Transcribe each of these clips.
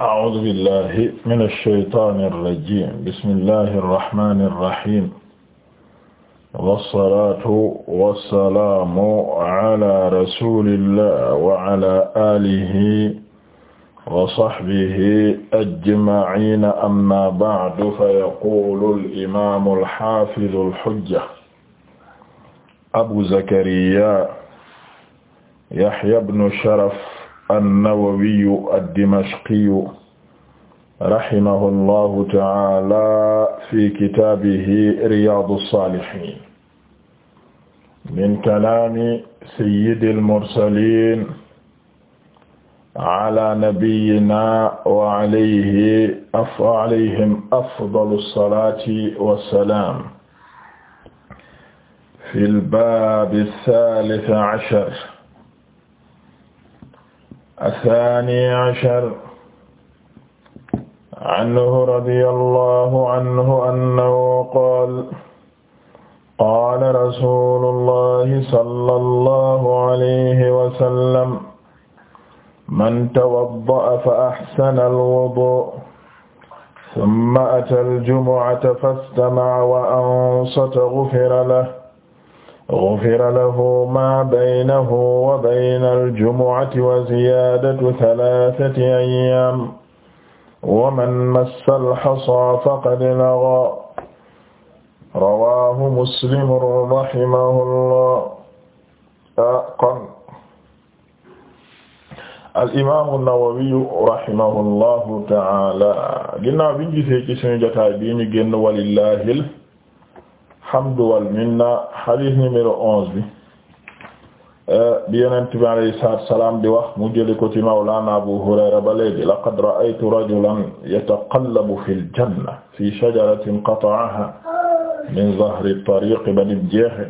أعوذ بالله من الشيطان الرجيم بسم الله الرحمن الرحيم والصلاة والسلام على رسول الله وعلى آله وصحبه أجمعين أما بعد فيقول الإمام الحافظ الحجة أبو زكريا يحيى بن شرف an-Nawawiyu ad-Dimashqiyu rahimahu llahu ta'ala fi kitaabihi Riyaadu s-Saalihiin min kalaami sayyidil mursaliin ala nabiyyinaa wa alayhi wa alayhim afdalu s-salaati wa s-salaam fil baabi s-saalis ashar الثاني عشر عنه رضي الله عنه أنه قال قال رسول الله صلى الله عليه وسلم من توضأ فأحسن الوضوء ثم أتى الجمعة فاستمع وأنصت غفر له gufira lahu maa baynahu wa bayna aljumuati wa ziyaadatu talaatati ayyaam wa man massa alxasaa faqad lagaa rawaahu muslim rahimahullah kon alimaamu nawawiyu rahimahullahu taala ginnaaw bi ñu gisee ci suñu jotaay bii ñu génn walillaahil alhamdu wal minna hadith numéro onze bi euh, bi yonent bi alayhi salaatu wa salaam di wax mu jëli ko ci mawlaana Abu Hurayra ba léegi laqad ra'aytu rajulan yataqallabu fil janna fi shajaratin qata'aha min zahri tariiq ba nit jeexe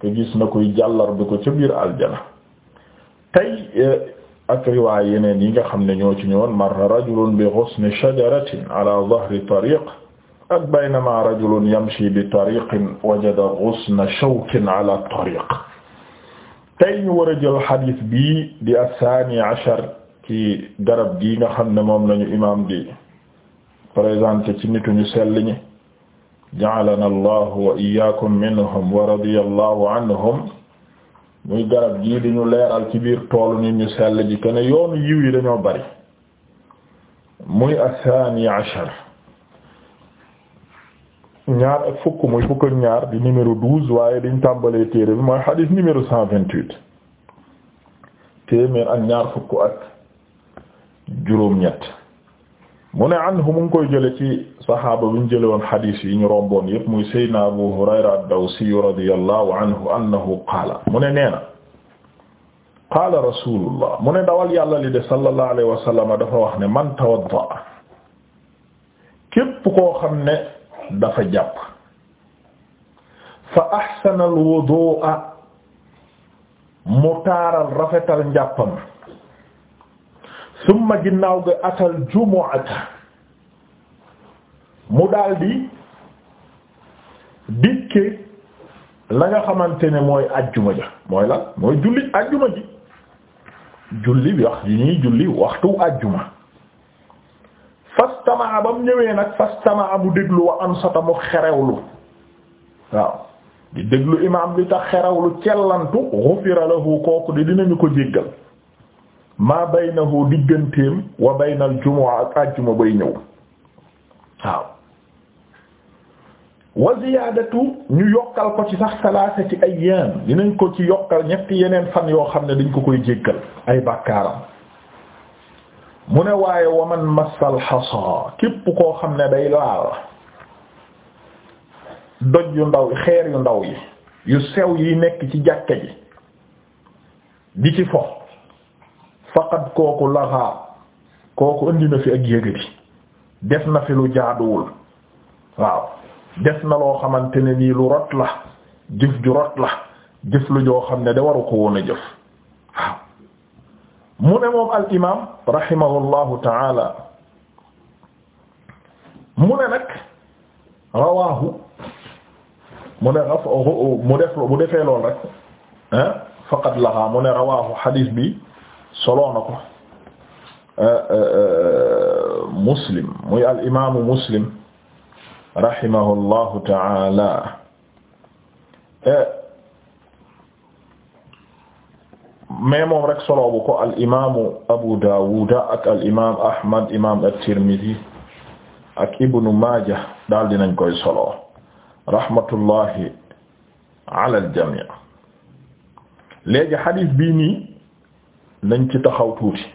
te gis na koy jàllar bi ko ca biir aljana tey euh, ak riwaay yeneen yi nga xam ne ñoo ci ñëwoon marra rajulun bi ghusni shajaratin ala zahri tariiq ak baynama rajulun yamshi bi tariqin wajada ghusna shawkin ala tariq tey ñu war a jël xadis bii di assaani ashar ci garab gii nga xam ne moom lañu imaam di présenté ci nitu ñu sell ñi ja'alana allah wa iyyakum minhum wa radiyallahu anhum muy garab gii di ñu leeral ci biir toolu nit ñu sell ji kenn yoonu yiw yi dañoo bari muy assaani ashar ñaar ak fukk muy fukk ak ñaar di numéro douze waaye dañ tàmbalee téere bi mooy xadis numéro cent vingt huit téeméer ak ñaar fukk ak juróom-ñett mu ne anhu mu ngi koy jële ci saxaaba bi ñu jële woon xadis yi ñu romboon yépp muy saydna abu hurayra ad-dawsi radiyallahu anhu annahu qaala mu ne nee na qaala mu ne dawal yàlla li de sallallahu alayhi wax ne man tawadda képp koo xam ne dafa jàpp fa ahsana al wudu'a mu taaral rafetal njàppam summa ginnaaw ga atal jumu'ata mu daldi dikke la nga xamante ne mooy ajjuma ja mooy la mooy julli ajjuma ji julli wax yi ñuy julli waxtu ajjuma fastamaa ba mu ñëwee nag fastamaa amu déglu am ansata mu xerewlu waaw di déglu imam li tax xerewlu cellantu ghufira lahu kooku di dinañu ko jéggal maa baynahu digganteem wa baynal jumaa ak àjjuma bay ñëw waaw wa ziyaadatu ñu yokkal ko ci sax salaasa ci ayyaam dinañ ko ci yokkal ñetti yeneen fan yoo xam ne dañ ko koy jéggal ay bàkkaaram mu ne waaye waman massal xasa képp koo xam ne day laal doj yu ndaw xeer yu ndaw yi yu sew yi nekk ci jàkka ji di ci fo faqad kooku laxaa kooku indi fi ak yëgëri def na fi lu jaaduwul waaw def na loo xamante ne nii lu rot la jëf ju rot la jëf lu joo xam ne da waru ko woon a jëf mu ne moom al imaam rahimahullahu taala mu ne nag rawaahu mu ne mu def bu defee lool rek ah faqad laxaa mu ne rawaahu xadiis bi soloo na ko euh, euh, muslim muy al imaamu muslim rahimahullahu taala. Euh, mais moom rek solo ko al imaamu Abu Dawud ak al imaam Ahmad imaam at-Tirmidhi ak Ibnu Maaja daal dinañ koy solo rahmatullahi ala al-jamii. léegi hadith bii nii nañ ci taxaw tuuti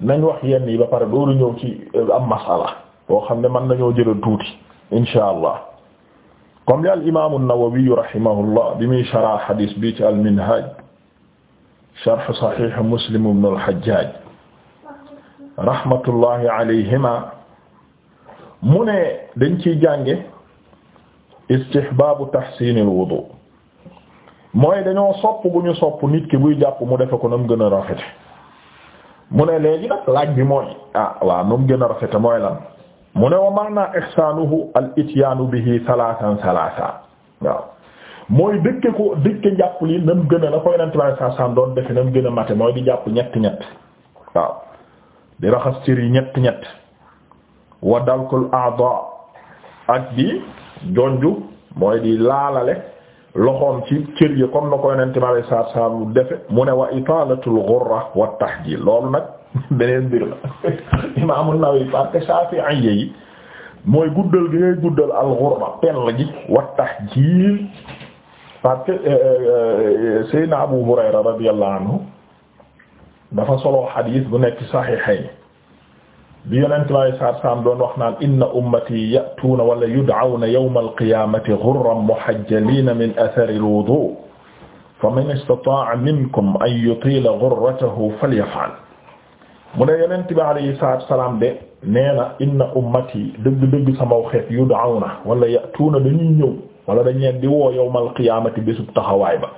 nañ wax yenn yi ba pare dooru ñëw ci am masala boo xam ne mën nañoo jëlal tuuti insha allah. comme li al imaamu Nawawi rahimahullah bi muy sharh hadis bi ci al minhaj sharh sahih Muslim ibn al Hajjaj rahmatullahi alayhima mu ne dañ ciy jànge istihbaabu tahsin al wudu mooy dañoo sopp bu ñu sopp nit ki buy jàpp mu defe ko na mu gën a rafet mu ne léegi laaj bi mooy ah waaw na mu gën a rafete mooy lan mu ne wa maana ihsaanuhu al ityaanu bihi salaasan salaasan waaw mooy dëkke ko dëkke njàpp li nam gën a koy nante ma saa doon defe nam gën a mate mooy di jàpp ñett ñett waaw di raxas cër yi ñett ñett wa dalkul a'daa ak di jonju mooy di laalale loxoom ci cër yi comme na ko yonente mi alay saatu salaam mu ne wa italatul ghurra wa tahjil loolu nag beneen mbir la imam an-Nawawi parce que Shafi'i yi mooy guddal gi ngay guddal al ghurra pell gi wa tahjil parce que euh, euh, Seydina Abu Hurayra radiyallahu anhu dafa solo xadiis bu nekk saxiixayn bi yonent lay saar saam doon wax naan inna ummati ya'tuuna wala yud'awna yawma alqiyaamati ghurran muhajjaliina min athari alwudu' faman istataa'a minkum an yutiila ghurratahu falyaf'al mu ne yonent bi alayhi salaatu wa salaam de nee na inna ummati dëgg-dëgg samaw xeet yud'awna wala ya'tuuna dañuy ñëw wala dañ leen di woo yawmal qiyaamati bésub taxawaay ba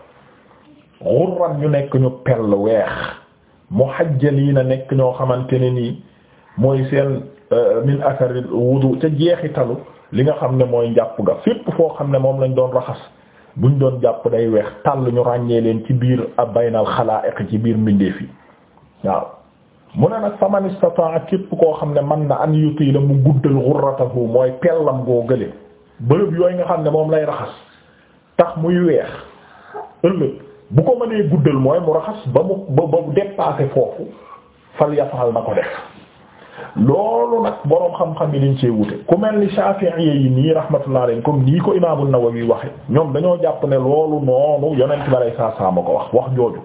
ghurran ñu nekk ñu pell weex muhajjaliina nekk ñoo xamante ne nii. mooy seen euh, min asaril wudu ca jeexitalu li nga xam ne mooy njàpp ga fépp foo xam ne moom lañ doon raxas buñ doon jàpp day weex tàll ñu ràññee leen ci biir ab baynal xalaa'iq ci biir mbindeef yi waaw mu ne nag faman istata'a képp koo xam ne man na an yuti mu guddal ghurratahu mooy pellam goo gële bërëb yooyu nga xam ne moom lay raxas tax muy weex ëllëg bu ko mënee guddal mooy mu raxas ba mu ba mu dépassé foofu fal yafal na ko def loolu nag boroom xam-xam yi dañ cee wute ku mel ni Shafi'i yi nii rahmatullah alayhi comme nii ko Imaam an-Nawawi waxe ñoom dañoo jàpp ne loolu noonu yonent bi alayhi salaam a ko wax wax jooju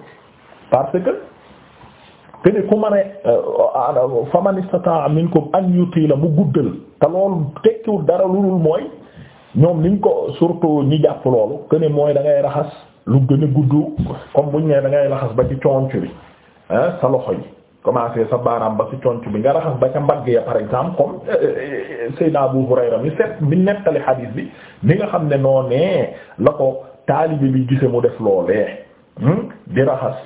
parce que te ne ku ma ne fa man ko minkum an la mu guddal te loolu tekkiwul dara lu dul mooy ñoom niñ ko surtout ñi jàpp loolu que mooy da ngay raxas lu gën a gudd comme buñ ne da ngay raxas ba ci coonc bi ah sa loxo yi. commencé sa baaraam ba ci conc bi nga raxas ba ca mbagg ya par exemple comme euh, Seydina Abu Hurayra mi set mi nettali xadiis bi mi nga xam ne noonee la ko taalibe bi gisee mu def loolee hmm, di raxas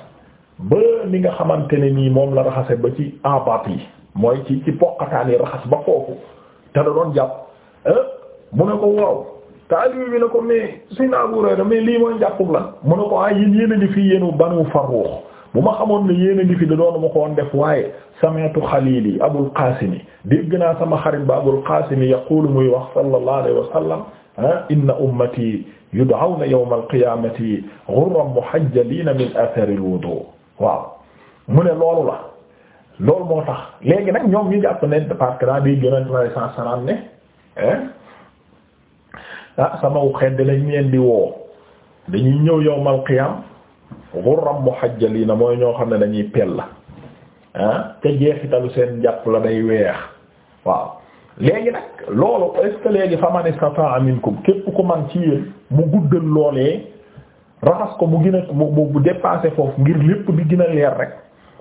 ba ni nga xamante ne nii moom la raxasee ba ci abat yi mooy ci ci poqataani raxas ba foofu te da doon jàpp eh, mu ne ko waaw taalibe bi ne ko mais Seydina Abu Hurayra mais lii mooy jàppug lan mu ne ko ah yéen yéen a ngi fii yéenu banu Farrukh bu ma xamoon ne yéen a ngi fi da doon ma ko woon def waaye sami'tu xalili abul qasim dégg naa sama xarit ba abul qasim yaqulu muy wax sallallahu alayhi wa sallam ah, inna ummati yud'awna yawma al-qiyamati mu muhajjalina min athari al-wudu waaw mu ne loolu la loolu moo tax léegi nag ñoom ñu jàpp ne parce que daa di yonent sallallahu alayhi wa sallam ne eh, ah sama xedd lañ leen di woo dañuy ñëw yawmal qiyam lii na mooy ñoo xam ne dañuy pel la ah te jeexitalu seen jàpp la day weex waaw léegi nag loolu est-ce que léegi faman istata'a képp ku man ci yéen mu guddal loolee raxas ko mu gën a mu mu dépassé foofu ngir lépp bi gën a leer rek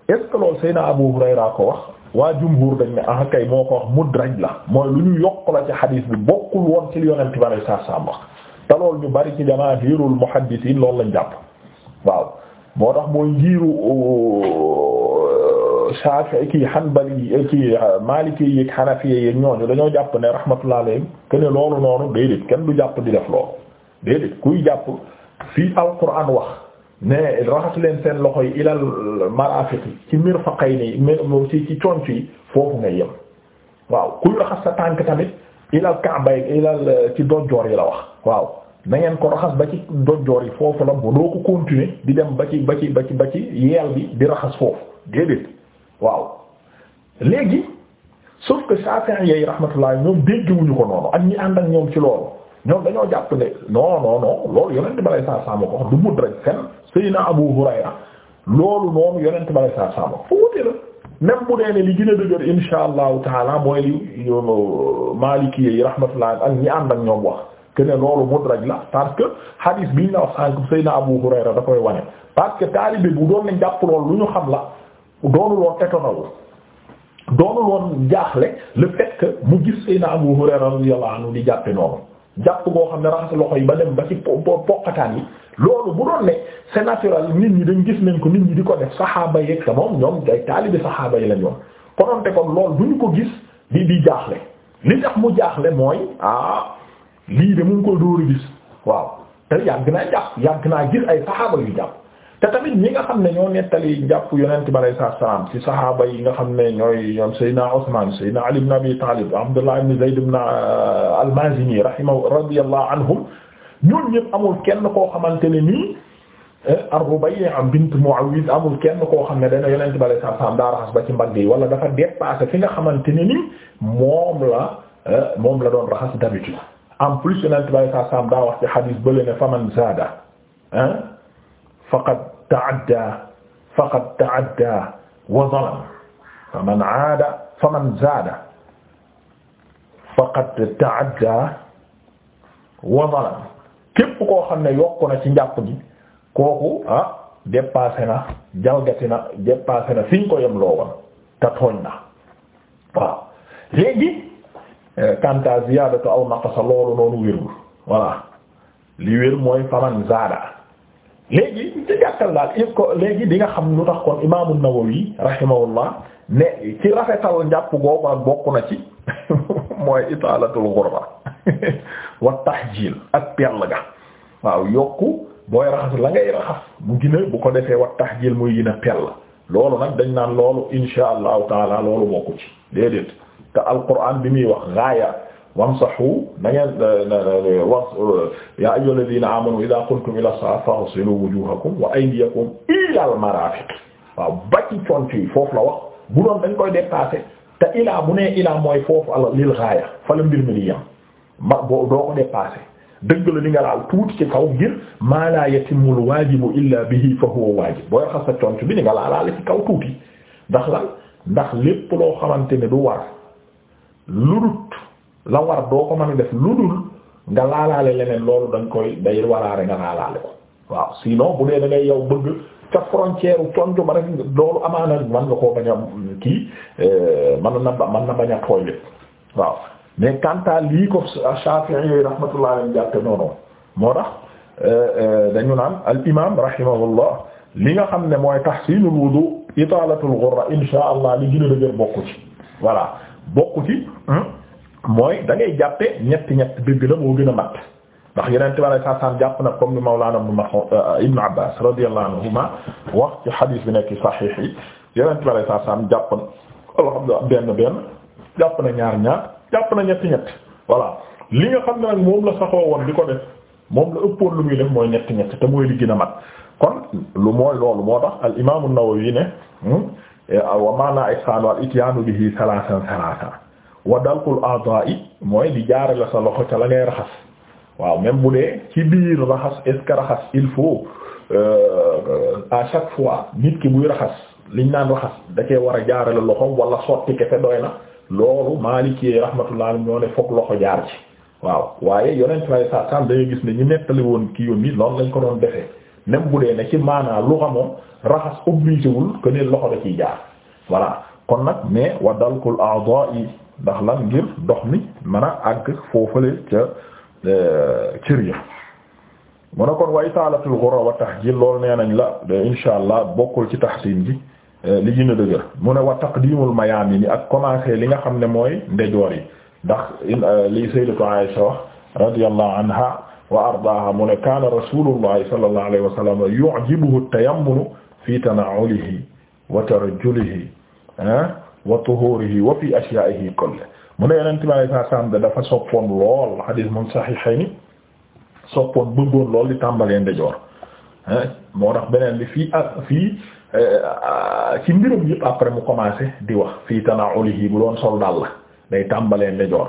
est-ce que loolu Seydina Abu Hurayra ko wax waa jumhur dañ ne ah kay moo ko wax mudraj la mooy lu ñu yokk la ci xadiis bi bokkul woon ci yonent bi sallallahu alayhi wasallam wax te loolu ñu bari ci jamaahiirul muhaddisiin loolu lañ jàpp. waaw moo tax mooy njiiru oh, Shafi'i kii Hanbali kii uh, Maliki yeeg Hanafi yeeg ñooñu dañoo jàpp ne rahmatullah alayhim que ne loolu noonu déedéet kenn du jàpp di def loolu déedéet kuy jàpp fii Alquran wax ne raxas leen seen loxo yi ilal marafiqi ci mirfaqayni ci ci conc yi foofu nga yem waaw kuy raxas sa tànk tamit ilal ka'bay ilal uh, ci dojoor yi la wax waaw. na ko raxas ba ci dojjoor yi foofu la ba ko continuer di dem ba ci ba ci ba ci ba ci yeel bi di raxas foofu déedéet waaw léegi sauf que Shafi'i yi rahmatullah ñoom dégguwuñu ko noonu ak ñi ànd ak ñoom ci loolu ñoom dañoo jàpp ne non non non loolu yonent balay saa saama ko du mut rek fenn Seydina Abu Hurayra loolu noonu yonent balay saa saama fu wute la même bu dee ne li gën a dëgër insha allahu taala mooy li yoonu Maliki yi rahmatullah ak ñi ànd ñoom wax. que ne loolu mudraj la parce que hadith biñ la wax sànq Seydina Abu Hurayra da koy wane parce que taalibe bu doon nañ jàpp loolu lu ñu xam la doonu loon étonawul doonu loon jaaxle le fait que mu gis Seydina Abu Hurayra radiyallahu anhu di jàppe noonu jàpp goo xam ne raxas loxo yi ba dem ba ci pokataan yi loolu bu doon ne c'est nit ñi dañ gis nañ ko nit ñi di ko def saxaaba yeeg te moom ñoom day taalibe saxaaba yi lañ woon konoonte kon loolu du ñu ko gis di di jaaxle li tax mu jaaxle mooy ah lii de mu ngi ko dóor a gis waaw te yàgg naa jàpp ay saxaaba yu jàpp te tamit ñi nga xam ne ñoo nettali jàpp yonent bi alayhi salaam saxaaba yi nga xam ne ñooy ñoom Seydina Usmaan Seydina Ali ibn Abi Taalib Abdullah ibn Zayd ibn euh, al-Maazini rahimahu radiyallahu anhum ñoom ñëpp amul kenn koo xamante ne nii euh, ar-Rubayya bint Muawwiz amul kenn koo xam ne dana yonent bi alayhi salaam daa raxas ba ci mbagg yi wala dafa dépassé fi nga xamante ni nii moom la euh, moom la doon raxas d'habitude en plus yonent bay saa saam daa wax ci xadiis bële ne faman zaada ah faqad ta'adda faqad ta'adda wa zalama faman aada faman zaada faqad ta'adda wa zalama képp koo xam ne yokku na ci njàpp gi kooku ah dépassé na jalgati na dépassé na fi ñu ko yem loo woon kanta euh, ziyaadatu aw naqasa loolu noonu wérul voilà lii wér mooy faman zaada léegi ci gàttal daal il ko léegi di nga xam lu tax kon imaamu Nawawi rahimahullah ne ci rafetal njàpp googu ak bokk na ci mooy itaalatul ghurba wa tahjil ak pell ga waaw yokku booy raxas la ngay raxas mu gina bu ko defee wa tahjil muy gën a pell loolu nag dañ naan loolu insha allahu taala loolu bokku ci déedéet te alquran bi muy wax gaaya wamsahu na ngeen wax yaa ayyuha alladhina amanu idha qumtum ila salati faghsilu wujuhakum wa aydiyakum ila al marafiq waaw ba ci cont yi foofu la wax bu doon dañ koy dépassé te ilaa bu nee ilaa mooy foofu ala lil gaaya fa la mbir mi di yam ma boo doo ko dépassé dëgg la li nga laal tuuti ci kaw ngir maa laa yatimmul waajibu illa bihi fa huwa waajib booy xas sa cont bi ni nga laalaale ci kaw tuuti ndax lan ndax lépp loo xamante ne du war ludut la war doo ko mën a def ludul nga laalaale leneen loolu da koy day waraare nga laalaale ko waaw sinon bu dee da ngay yow bëgg ca frontière u conco ba rek loolu amaana man nga koo bañ a kii euh, man na man na bañ a tooy lépp waaw mais kanta lii ko Shafi'i yooyu rahmatullah alayhi jàtte noonu moo tax euh, euh, dañu naan al imam li nga xam ne mooy tahsinul wudu italatul ghurra insha allah li gën a dëgër bokk ci voilà bokk ci mooy da ngay jàppe ñetti ñett dëgg la moo gën a mat ndax yeneen tubaab ay sàttan jàpp na comme ni Mawlana Ibn euh, Abbas radiyallahu anhuma wax ci xadiis bi nekk saxiix yi yeneen tubaab ay sàttan jàpp na alhamdulillah benn benn jàpp na ñaar ñaar jàpp na ñetti ñett voilà li nga xam ne nag moom la saxoo woon di ko def moom la ëppoon lu muy def mooy ñetti ñett te mooy li gën a mat kon lu mooy loolu moo tax al imaamu Nawawi ne. Hmm, wa maana ihsaanu al ityaanu bihi salaasan salaasan wa dalkul a'daa'i mooy di jaarale sa loxo ca la ngay raxas waaw même bu dee ci biir raxas est-ce que raxas il faut euh, à chaque fois nit ki buy raxas liñ naan raxas da cee war a jaarale loxo wala sotti kefe doy na loolu Maliki rahmatullah ñoo ne fokk loxo jaar ci. waaw waaye yonent fay saa saam dañuy gis ne ñu nettali woon kii yoon bi noonu lañ ko doon defee même bu dee ne ci maanaa lu xamoon. raxas obligé wul que ne loxo da ciy jaar voilà kon nag mais wa dalkul a'dha'i ndax lan ngir dox mi mën a àgg foofale ca euh, cër ya mu ne kon wa italatul ghurra wa tahjil loolu nee nañ la insha allah bokkul ci tahsin ji euh, li gën a dëgër mu ne wa taqdimul mayaamini ak commencé li nga xam ne mooy ndejoor yi ndax euh, li sayyidatu Aisha wax radiyallahu anha wa ardaaha mu ne kaana rasulullahi sallallahu alayhi wa sallam yu'jibuhu at-tayammunu fi tana'ulihi wa tarajjulihi ah, wa tuhurihi wa fi ashyaa'ihi kulli mu ne yonent bi alayhi salaam dafa soppoon lool xadiis mun saxiixayni soppoon bëggoon lool di tàmbalee ndejoor ah. moo tax beneen bi fii ak ah, fii eh, ci mbirum yëpp après mu commencé di wax fii tana'ulihi bu doon sol daal la day tàmbalee ndejoor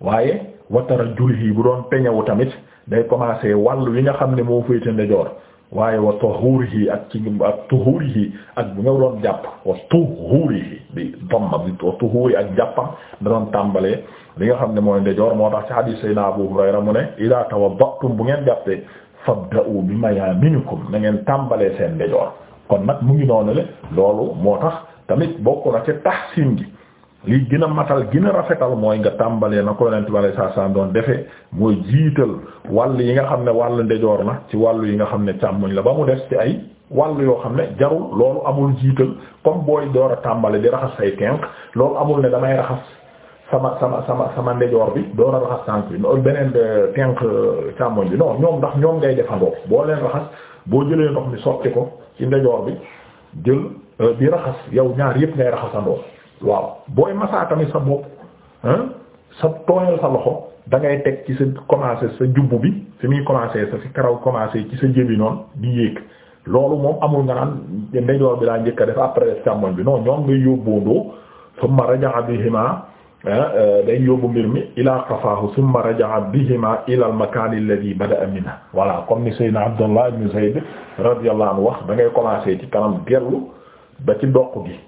waaye wa tarajjulihi bu doon peñewu tamit day commencé wàll wi nga xam ne moo féete ndejoor waaye wa tuhurihi ak ci ak tuhurihi ak bu nga doon jàpp wa tuhurihi di damma bi wa tuhuri ak jàppam da doon tàmbalee li nga xam ne mooy ndejoor moo tax ci naa sayna Abu ra mu ne ila tawaddatum bu ngeen jàppee fabda'u bi mayaminikum na ngeen tàmbalee seen ndejoor kon nag mu ngi noonu le loolu moo tax tamit bokk na ci tahsin gi li gën a matal gën a rafetal mooy nga tàmbalee na ko yonent bi sallallahu alayhi wasallam doon defee mooy jiital wàll yi nga xam ne wàll ndejoor la ci wàll yi nga xam ne càmmoñ la ba mu des ci ay wàll yoo xam ne jarul loolu amul jiital comme booy door a tàmbale di raxas say tenk loolu amul ne damay raxas sama sama sama sama ndejoor bi door a raxas tànk bi beneen tenk euh, càmmoñ bi non ñoom ndax ñoom ngay defandoo boo leen raxas boo jëlee ndox mi sotti ko ci ndejoor bi euh, yow ñaar yëpp ngay raxasandoo waaw booy masaa tamit sa bopp sa tooyal sa loxo da ngay teg ci sa commencé sa jubbu bi fi muy commencé sa fi karaw commencé ci sa jëbi noonu di yéeg loolu moom amul nga naan ndejoor bi laa njëkk def après càmmoñ bi non ñoom ngay yóbboondoo summa raja'a bihima euh, day yóbbu mbir mi ila qafaahu summa raja'a bihima ila al makan alladhi bada'a minhu voilà comme ni sayyidina Abdullah ibn Zayd radiyallahu anhu wax da ngay commencé ci kanam dellu ba ci doq gi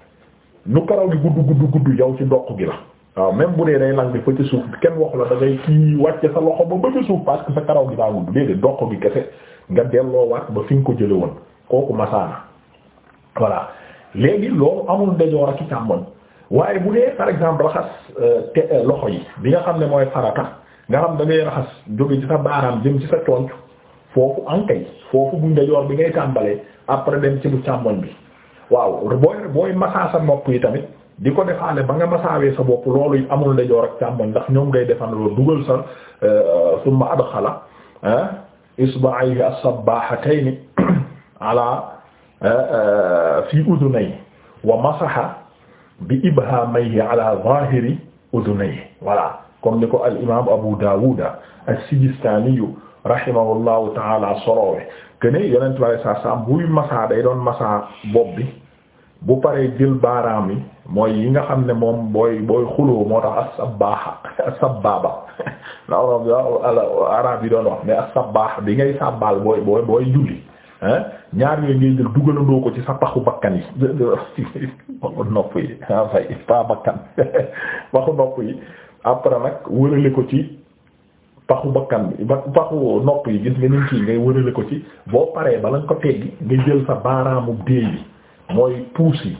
nu karaw gi gudd gudd gudd yow ci ndox gi la waaw même bu dee day lang bi fa ci suuf kenn waxu la dangay ngay kii wàcce sa loxo ba ba ci suuf parce que sa karaw gi daa gudd déedéet ndox gi kese nga delloowaat ba fi nga ko jële woon kooku masaana voilà léegi loolu amul ndejoor ak ci waaye bu dee par exemple raxas euh, te euh, loxo yi bi nga xam ne mooy farata nga xam da ngay raxas jóge ci sa baaraam jëm ci sa conc foofu ankay foofu bu ndejoor bi ngay tàmbalee après dem ci bu bi waaw booy booy masaa sa nopp yi tamit di ko defaale ba nga masaawee sa bopp loolu yi amul ndeyjoor ak càmmoñ ndax ñoom ngay defan loolu dugal sa euh, summa adxala isba'ayhi as-sabbahatayni ala euh, euh, fi udunayhi wa masaha bi ibhamayhi ala zahiri udunayhi voilà comme ni ko al imam Abu Dawud as-Sijistani rahimahullahu ta'ala sorowe que ne yonent bale saa saa buy masaa day doon masaa bopp bi bu paree jël baaraam yi mooy yi nga xam ne moom booy booy xuloo moo tax as-sabbaaha as-sabbaaba la araab yi doon wax mais as-sabbaaha bi ngay sàbbaal booy booy booy julli hein ñaar yooyu ngay jël dugalandoo ko ci sa paxu bakkan yi paxu nopp yi ah, fay bakkan paxu nopp yi après nag wërale ko ci paxu bakkan bi ba paxu nopp yi gis nga niñ kii ngay wërale ko ci boo paree bala nga ko teggi nga jël sa baaraamu déey bi mooy puus yi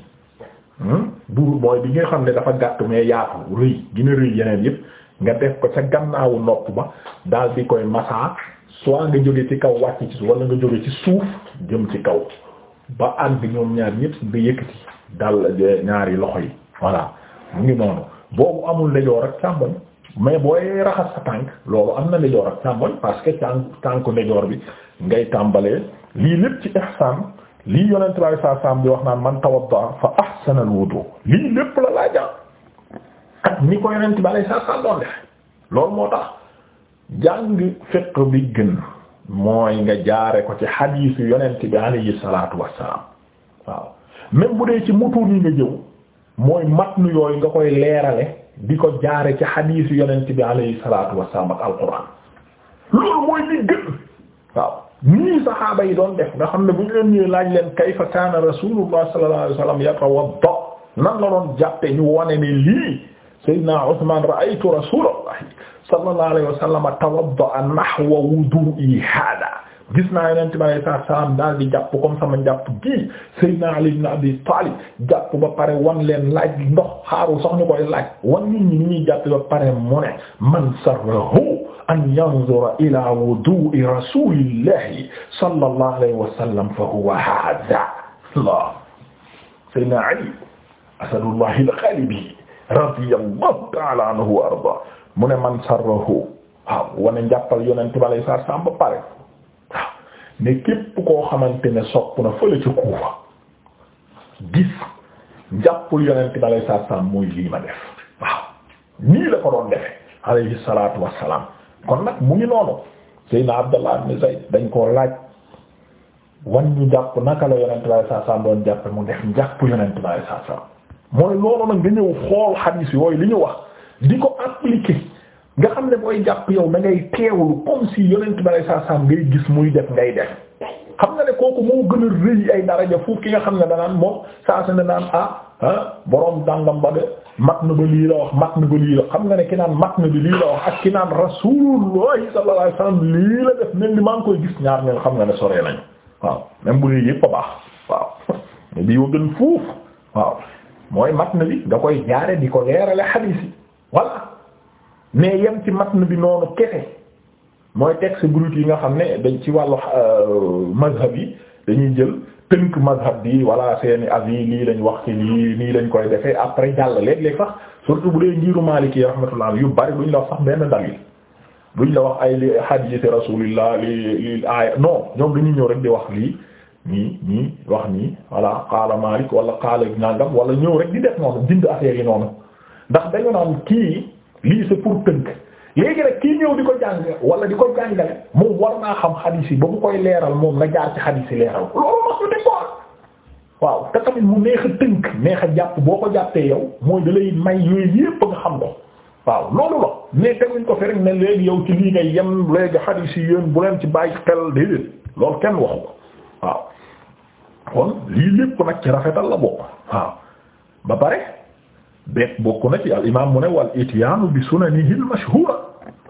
hmm? bu mooy bi nga xam ne dafa gàtt mais yaatu rëy gina rëy yeneen yëpp nga def ko ca gannaawu nopp ba daal di koy masaa soit nga jóge ci kaw wàcc ci wala nga jóge ci suuf jëm ci kaw ba ànd ñoom ñaar ñëpp nga yëkkati dal eh, ñaari loxo yi voilà mu ngi noonu boobu amul ndeyjoor ak càmmoñ mais booy raxas sa tànk loolu am na ndijoor ak càmmoñ parce que tànk tànku ndijoor bi ngay tàmbalee lii lépp ci ihsan lii yonent baay bi wax naan man tawadda fa ahsana al-wudu ko yonent loolu moo tax jàng fiqh bi gën mooy nga jaare ko ci xadiis yu yonent bi alayhi salaatu wassalaam waaw même bu dee ci mutuun yi nga jëw mooy matnu yooyu nga koy leerale di ko jaare ci xadiisu yonent bi alayhi salaatu wassalaam ak alquran loolu mooy li gën waaw nii saxaaba yi doon def nga xam ne bu ñu leen ñëwee laaj leen kayfa kaana rasulullah sallallahu alayhi wasallam yatawadda nan la doon jàppe ñu wane ne lii sayyidina Usman ra'aytu rasulullah sallallahu alayhi wasallam tawadda nahwa wudu'i hada gis naa yonent salaam daal di jàpp comme sama jàpp gi Seydina Ali ibn Abi Talib jàpp ba pare wan leen laaj ndox xaaru sax ñu koy wan nit ñi ni ñuy jàpp ba pare mu ne man sarrahu an yanzura ila wudu'i rasulillahi sallallahu alayhi wa sallam fa huwa hadha Allah Seydina Ali asadullah al-Ghalibi radiyallahu ta'ala anhu wa arda mu ne man sarrahu waaw wane jàppal yonent bi salaam ba ne képp koo xamante ne sopp na fële ca Kuufa gis njàppul yonent bi alayhi salaatu salaam mooy lii ma def doon kon nag mu ngi noonu Seydina Abdallah koo laaj wan ñu naka la yonent jàppe mu def njàpp yonent bi alayhi salaatu mooy loolu nag nga ñëw xool xadiis yooyu li ñu wax di ko appliquer nga xam ne mooy jàpp yow da ngay teewlu comme si yonent bi saa saam ngay gis muy def ngay def xam nga ne kooku moo gën a rëy ay daraja foofu ki nga xam ne danaan moom saa si ne naan ah boroom ah, borom dàngam ba mat na ba lii la wax mat na ba lii la xam nga ne ki naan mat na bi lii la wax ak ki naan rasulullah lii la def mel ni maa ngi koy gis ñaar ñoom xam nga ne sore nañu waaw même bu dee a baax waaw bii wa gën fuuf waaw mooy mat na bi koy jaare mais yem ci matn bi noonu kese mooy texte brut yi nga xam ne dañ ci wàllu euh, mazhab yi dañuy jël tënk mazhab bi wala seeni avis lii lañ wax ci lii nii lañ koy defee après jàll léeg-léeg sax surtout bu dee ngiru Maliki rahmatullah yu bari lu ñu la wax sax benn dalil duñ la wax ay li hadith rasulillah li li aaya non ñoom dañuy ñëw rek di wax lii nii nii wax nii wala qaala Malik wala qaala nangam wala ñëw rek di def noonu dind affaire yi noonu ndax dañu naan lii c'est pour tënk léegi nag kii ñëw di ko jàng wala di ko jàngale moom war naa xam xadiis yi ba mu koy leeral moom na jaar ci xadiis yi leeral loolu mas lu déport waaw te tamit mu neex a tënk neex a jàpp boo ko jàppee yow mooy da lay may yooyu yépp nga xam ko waaw loolu la mais teguñ ko fi rek ne léegi yow ci lii nga yem léegi xadiis yi yéen bu leen ci bàyyi xel déedéet loolu kenn waxu ko waaw kon lii lépp nag ci rafetal la bokk waaw ba pare beek bokk na ci al imaam mu ne wal ityaanu bi sunanihi al mashhuura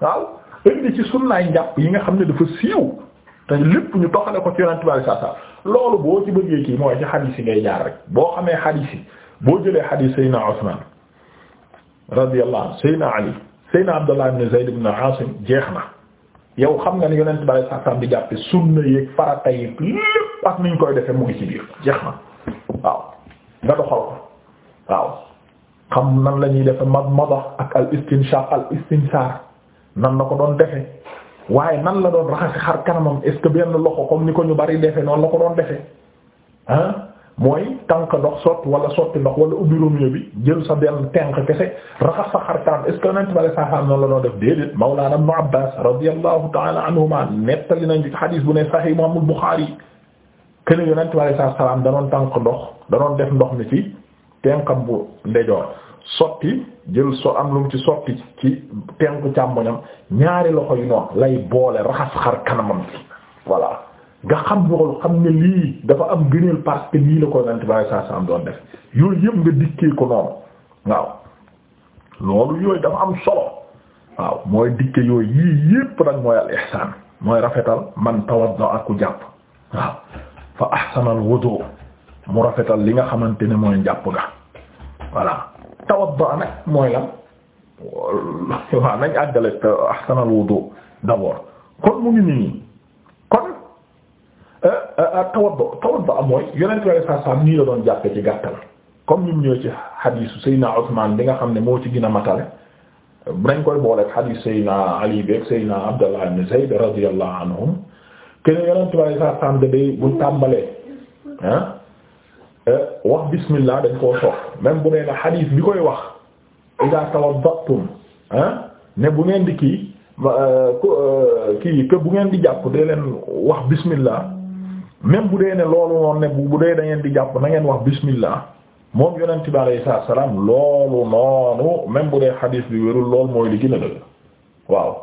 waaw indi ci sunnaay njàpp yi nga xam ne dafa siiw te lépp ñu toxale ko ci yonent bi saa saa loolu boo ci bëggee kii mooy ci xadiis ngay jaar rek boo xamee xadiis boo jëlee xadiis Seydina Usmaan radiyallahu anhu Seydina Ali Seydina Abdullah ibn Zayd ibn Aasim jeex na yow xam nga ne yonent bi saa saa di jàppe sunna yeeg farata yeeg lépp ak niñ koy defee mu ngi ci biir jeex xam nan la ñuy defe madmada ak al istinshaq al istinsaar nan la ko doon defe waaye nan la doon raxasi xar kanamam est ce que benn loxo comme ni ko ñu bari defe noonu la ko doon defe ah mooy tànk ndox sott wala sotti ndox wala ubbi robinet bi jël sa benn tenq kese raxas sa xar kanam est ce que yonent bi saa saam noonu la doon def déedéet Mawlana Ibn Abbas radiyallahu ta'ala anhuma nettali nañ ci xadiis bu ne Sahih Imam Bukhari kenn yonent bi saa salaam da doon tànk ndox danoon doon def ndox mi ci. tenqam bu ndejoor sotti jël so am lu mu ci sotti ci tenku càmmoñam ñaari loxo yi noonu lay boole raxas xar kanamam bi voilà nga xam loolu xam ne lii dafa am gëneel parce que nii la ko nant bale saa saa am doon def yooyu yëpp nga dikkee ko noonu waaw loolu yooyu dafa am solo waaw mooy dikke yooyu yii yëpp nag mooy al ihsaan mooy rafetal man tawadda ak ku jàpp waaw fa ahsanal wudu mu rafetal li nga xamante ne mooy njàpp ga voilà tawadda nag mooy lan waaw nañ àggale ahsanal wudu d'abord kon mu ngi nii kon euh, euh, tawadda tawadda mooy yonent bi sallallahu alayhi nii la doon jàppe ci gàttal comme ñun ñëw ci xadiisu Seydina Usmaan bi nga xam ne moo ci gën a matale dañ koy booleeg xadiis Seydina Ali beeg Seydina Abdallah ibn Zayd radiyallahu anhum kenn yonent bi sallallahu alayhi wasallam da day bu tàmbalee Eh, wax bismillah dañ koo sopp même bu nee na xadiis bi koy wax idaa tawaddatum ah ne bu ngeen di kii eh, kii que bu ngeen di jàpp dee leen wax bismillah même bu dee ne loolu noonu ne bu dee da ngeen di jàpp nangeen wax bismillah moom yonent bi alayhi salaatu salaam loolu noonu même bu dee xadiis bi wérul loolu mooy li gën a waaw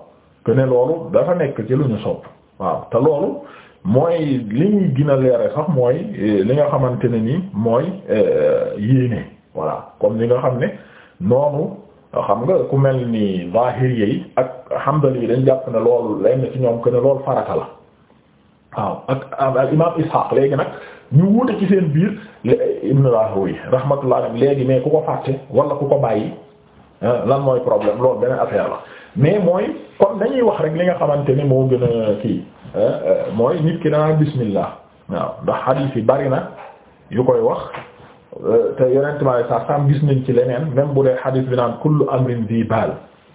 que ne loolu dafa nekk ci lu ñu sopp waaw te loolu mooy li muy gën a leere sax mooy eh, li nga xamante ne nii mooy eh, yéene voilà comme li nga xam ne noonu xam nga ku mel ni zahiriyya yi ak hanbali yi dañ jàpp ne loolu lenn ci ñoom que ne loolu farata la waaw ak al imam ishaq léegi nag ñu wuute ci seen biir ibn Rahowi rahmatullah alayhi léegi mais ku ko fàtte wala ku ko bàyyi ah, lan mooy problème loolu beneen affaire la mais mooy comme dañuy wax rek li nga xamante ni moo gën a kii mooy nit ki danaan bismillah waaw ndax xadiis yi bari na yu koy wax te yonent bi alayhi salaam gis nañ ci leneen même bu dee xadiis bi naan kullu amrin di baal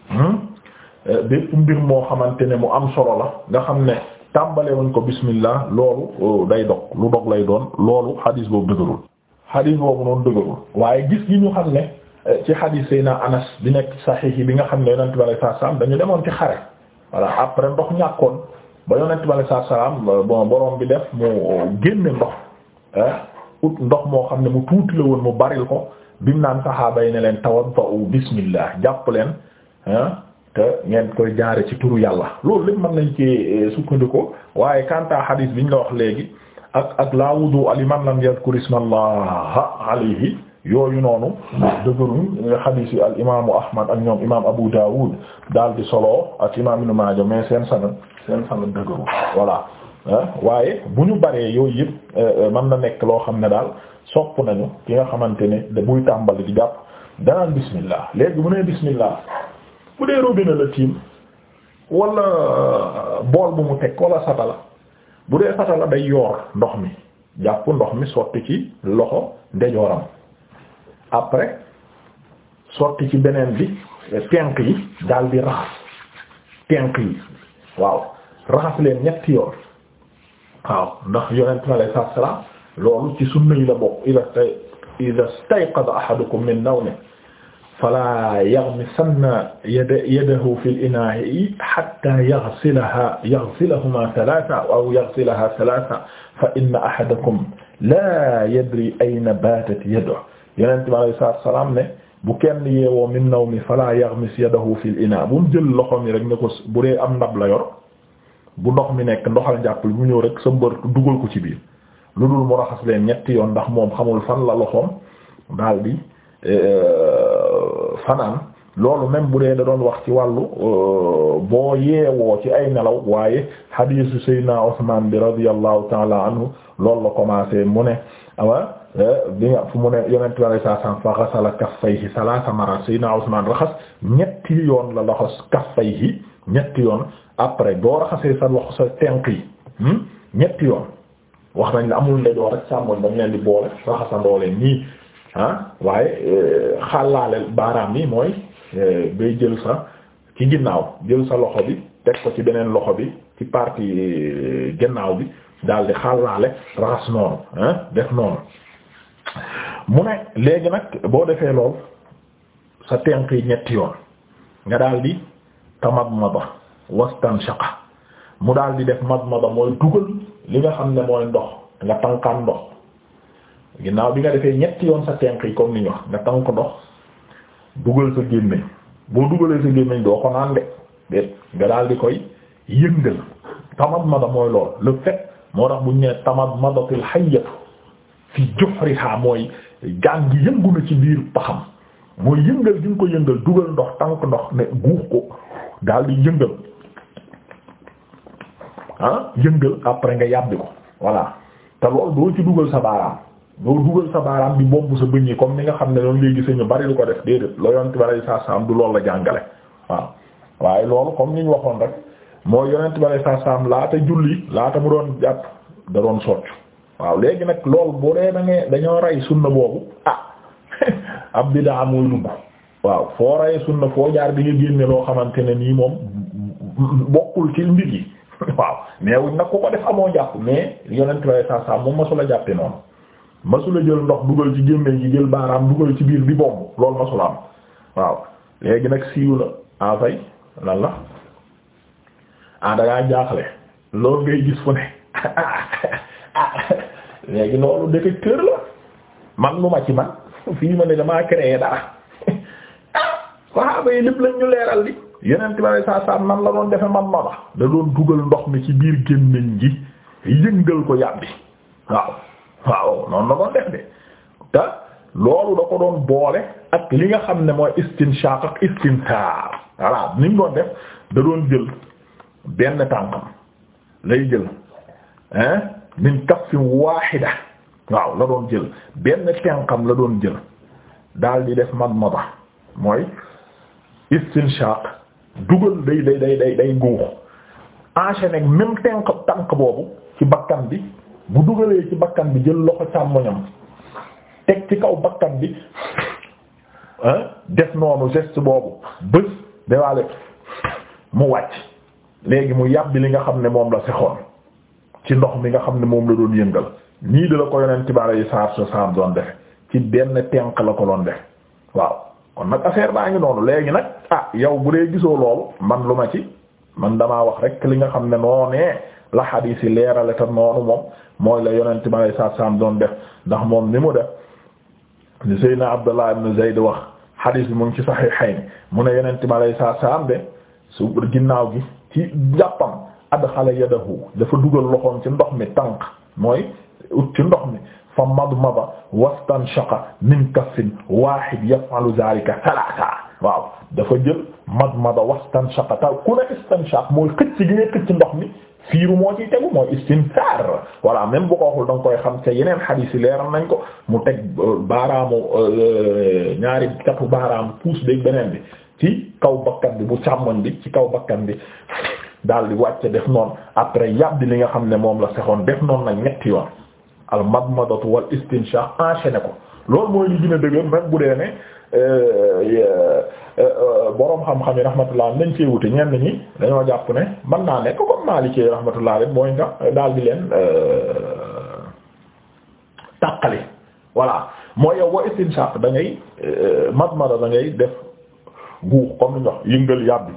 hmm? bépp mbir moo xamante ne mu am solo la nga xam ne tàmbale wuñ ko bismillah loolu oh, day dog lu dog lay doon loolu xadiis boobu dëgërul xadiis boobu noonu dëgërul waaye gis gi ñu xam ne eh, ci xadiis Seydina Anas bi nekk saxiix yi bi nga xam ne yonent bi alayhi salaam dañu demoon ci xare voilà après ndox ñàkkoon ba yonent bi alayhi salaam euh, bon borom bi def mu euh, génne ndox ut ndox moo xam ne mu tuuti la woon mu baril ko bim naan saxaaba yi ne leen tawaddu bismillah jàpp leen ah te ngeen koy jaare ci turu yàlla loolu lépp mën nañ ci euh, sukkandiku waaye kanta hadith biñ la wax léegi ak ak laa wudu aliman lam yadhkur ismallah alayhi yooyu noonu dëgëruñ hadith al imaamu Ahmad ak ñoom imaam Abu Dawud daal di solo ak imaam Ibn Maaja seen sanad seen sala dëgëru voilà waaye bu ñu baree yooyu yëpp euh, euh, man na nekk loo xam ne daal sopp nañu ki nga xamante ne da buy tàmbali di jàpp danaan bismillah léegi bu nee bismillah bu dee robinet la tiim wala euh, bool bu mu teg wala satala bu dee satala day yoor ndox mi jàpp ndox mi sotti ci loxo ndejooram après sotti ci beneen bi tenq yi daal di raxas tenq yi waaw raxas leen ñetti yoon waaw ndax yonent mi alayhi salaatu salaam loolu ci sunna yi la bokk ila tay ida stayqada ahadukum min nawmi fala yaghmisanna yadahu fi al-inaa'i hatta yaghsilaha yaghsilahuma thalatha aw yaghsilaha thalatha fa inna ahadakum la yadri ayna batat yaduhu yonent mi alayhi salaatu salaam ne bu kenn yeewoo min nawmi fala yaghmis yadahu fil ina bu mu jël loxo mi rek na ko bu dee am ndab la yor bu ndox mi nekk ndoxal jàpp mu ñëw rek sa bër dugal ko ci biir lu dul mu raxas leen ñetti yoon ndax moom xamul fan la loxoom daal euh, fanaan loolu même bu dee da doon wax ci wàllu euh, boo yeewoo ci ay nelaw waaye hadiisu Seydina Usmaan bi radiyallahu taala anhu loolu la commencé mu ne awa bi nga fu mu ne yonent bi alayhi salaam fa xasala si naa maraat Seydina Usmaan raxas ñetti yoon la laxas kaffayhi ñetti yoon après boo raxasee sa loxo sa tenq yi hmm, ñetti yoon wax nañ la amul ndeyjoor rek sàmmoñ dañ leen di boole raxasandoo leen nii ah waaye euh, xàllaale baaraam yi mooy euh, bay jël sa ci ginnaaw jël sa loxo bi teg ko ci beneen loxo bi ci partie euh, ginnaaw bi daal di xàllaale raxas noonu def noonu mu ne léegi nag boo defee lool sa tenq yi ñetti yoon nga daal di wastan wastanshaqa mu daal di def madmada mooy dugal li nga xam ne mooy ndox nga tànqaan ndox ginnaaw bi nga defee ñetti yoon sa tenq yi comme ni ñu wax nga tànq ndox dugal sa gémmiñ boo dugalee sa gémmiñ doo ko naan de nga daal di koy yëngal tamadmada mooy lool le fait moo tax bu ñu nee tamadmadatil hayyatu fi juhriha mooy gaan yëngu na ci biir paxam mooy yëngal gi nga ko yëngal dugal ndox tànk ndox ne guux ko daal di yëngal ah yëngal après nga yàbbi ko voilà te loolu doo ci dugal sa baaraam doo dugal sa baaraam bi boobu sa bëñ yi comme ni nga xam ne loolu léegi ñu bari lu ko def déedéet loo yonent bi saa saam du loolu la jàngale waaw waaye loolu comme ni waxoon rek mooy yonent bi saa saam laata julli laata mu doon jàpp da doon soccu waaw léegi nag lool boo dee da ngay dañoo rey sunna boobu ah ab bidaa mooy waaw foo rey na foo jaar bi nga génne loo xamante ne nii moom bokkul ci mbir yi waaw neewuñ nag ku ko def amoo jàpp mais yonent way sa sa moom masula jàppe noonu jël ndox dugal ci gémmiñ gi jël baaraam dugal ci biir bi bomb loolu masula am waaw léegi nag siiw ah la ah fay ah da jaaxle loolu ngay gis fu ne ah léegi loolu détecteur la man lu ma ci man fii ma ne damaa créé dara ah saxaaba yi lépp lañ ñu leeral li yeneen tubaab saa saa nan la doon defe man noona da doon dugal ndox mi ci biir gémmiñ gi yëngal ko yàbbi waaw waaw noonu la doon def de loolu da ko doon boole ak li nga xam ne mooy istinshaq ak istintaar voilà ni mu doon def da doon jël benn tànkam lay jël hein min kaffin wahida waaw la doon jël benn tenqam la doon jël daal di def madmada mooy istinshaq dugal day day day day day guux enchaîner tenq tànk boobu ci bakkan bi bu dugalee ci bakkan bi jël loxo càmmoñam teg ci kaw bakkan bi def noonu geste boobu bés dawaale mu wàcc léegi mu yàbbi li nga xam ne moom la sexoon ci ndox mi nga xam ne moom la doon yëngal nii de la ko yoneen tibaara yi saar sa saam doon defe ci benn tenq la ko doon def waaw kon nag affaire baa ngi noonu léegi nag ah yow bu dee gisoo loolu man lu ma ci man dama wax rek li nga xam ne noonee la xadiis yi leerale te noonu moom mooy la yonent bi alay saatu salaam doon def ndax moom ni mu def ni Seydina Abdullah ibn Zayd wax xadiis bi mu ngi ci Saxiixayn mu ne yonent bi alay saatu salaam de su ginnaaw gi ci jàppam adxala yadahu dafa dugal loxoom ci ndox mi tànk mooy ut ci ndox mi fa madmada wastanshaqa min kaffin wahid yaf'alu zalika thalatha waaw dafa jël madmada wastanshaqa ta ku ne istinshaq mooy xëcc gi ngay xëcc ndox mi fiiru moo ciy tegu mooy istimsar voilà même bu ko waxul da nga koy xam ca yeneen xadiis yi leeral nañ ko mu teg euh, baaraamu euh, ñaari catu baaraamu puus beeg beneen bi ci kaw bakkan bi bu càmmoñ bi ci kaw bakkan bi daal di wàcce def noonu après yàbbi li nga xam ne moom la sexoon def noonu nag ñetti yoon al madmadatu wal istinshaq enchaîné ko loolu mooy li gën a dëgër même bu dee ne euh, euh, boroom xam-xam yi rahmatullah nañ cee wute ñenn ñi dañoo jàpp ne mën naa nekk comme Maliki rahmatullah rek mooy nga daal di leen euh, tàqali voilà mooy yow wa istinshaq da ngay madmada da ngay def guux comme ni ñu yëngal yàbbi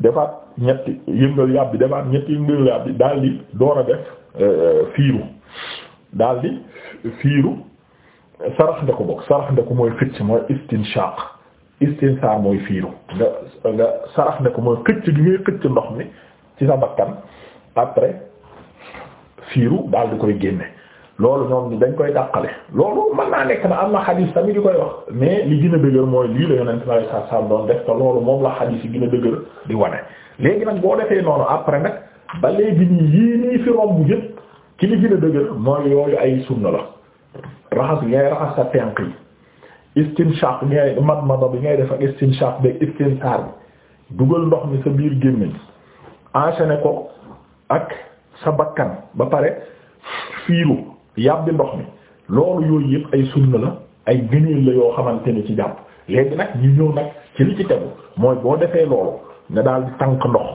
defaat ñetti yëngal yàpp bi defaat ñetti yëngal yàpp bi daal di door a def euh, euh, fiiru daal di fiiru sarax nde ko bokk sarax nde ko mooy xëcc mooy istinshaq istinsaar mooy fiiru nga nga sarax nde ko mooy xëcc gi ngay xëcc ndox mi ci sa bakkan après fiiru daal di koy génne loolu ñoom dañ koy dàqale loolu mën naa nekk na am na xadiis tamit di koy wax mais li gën a dëgër mooy lii la yonent sallallahu alayhi doon def te loolu moom la xadiis yi gën dëgër di wane léegi nag boo defee noonu après nag ba léegi nii yii nii fi romb yëpp ki li gën a dëgër mooy yooyu ay sunna la raxas ngay raxas sa tenq yi istinshaq bi ngay mat mado bi ngay def ak istinshaq beeg istinsaar bi dugal ndox mi sa biir gémmiñ enchaîné ko ak sa bakkan ba pare fiiru yàbbi ndox mi loolu yooyu yëpp ay sunna la ay gëneel la yoo xamante ni ci jàpp léegi nag ñu ñëw nag ci li ci tegu mooy boo defee loolu nga daal di tànk ndox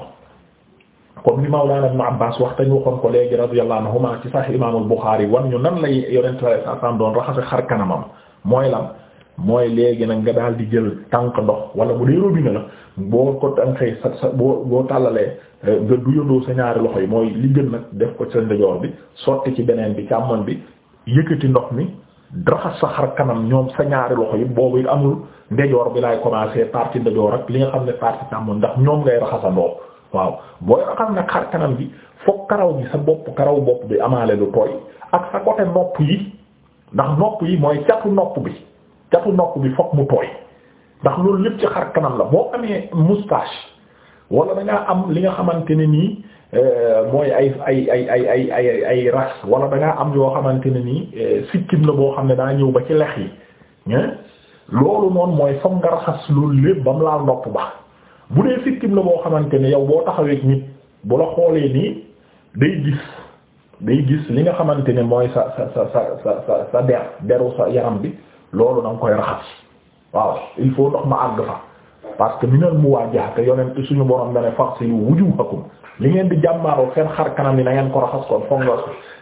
comme li Mawlana Ibn Abbas wax te ñu waxoon ko léegi radiyallahu anhuma ci Sahih Imaamul Bukhari wan ñu nan lay yonent sallallahu alayhi wasallam doon raxase xar kanamam mooy lan mooy léegi nag nga daal di jël tànk ndox wala bu dee robinet la boo ko tànkee sa sa boo boo tàllalee euh, nga duyandoo sa ñaari loxo yi mooy li gën nag def ko sa ndijoor bi sotti ci beneen bi càmmoñ bi yëkkati ndox mi. raxas sa xar kanam ñoom sa ñaari loxo yi boobu it amul ndejoor bi laay commencer partie ndejoor rek li nga xam ne partie càmmoñ ndax ñoom ngay raxasandoo waaw booy raxas nag xar kanam bi fokk karaw bi sa bopp karaw bopp bi amaale lu tooy ak sa côté nopp yi ndax nopp yi mooy catu nopp bi catu nopp bi fokk mu tooy ndax loolu lépp ci xar kanam la boo amee moustache wala da am li nga xamante ne nii Euh, mooy ay ay ay ay ay ay ay wala da ngaa am yoo xamante ne nii euh, sikkim la boo xam ne daa ñëw ba ci lex yi loolu noonu mooy foog nga raxas loolu lépp ba mu laal nopp ba bu dee sikkim la boo xamante ne yow boo taxawee nit bu la xoolee nii day gis day gis li nga xamante ne mooy sa sa sa sa sa sa der deru sa yaram bi loolu na nga koy raxas waaw il faut ndox ma àgg fa parce que minal muwajjah te yonent suñu borom da ne faghsilu wujuhakum li ngeen di jàmmaaroo seen xar kanam yi na ngeen ko raxas kon foog nga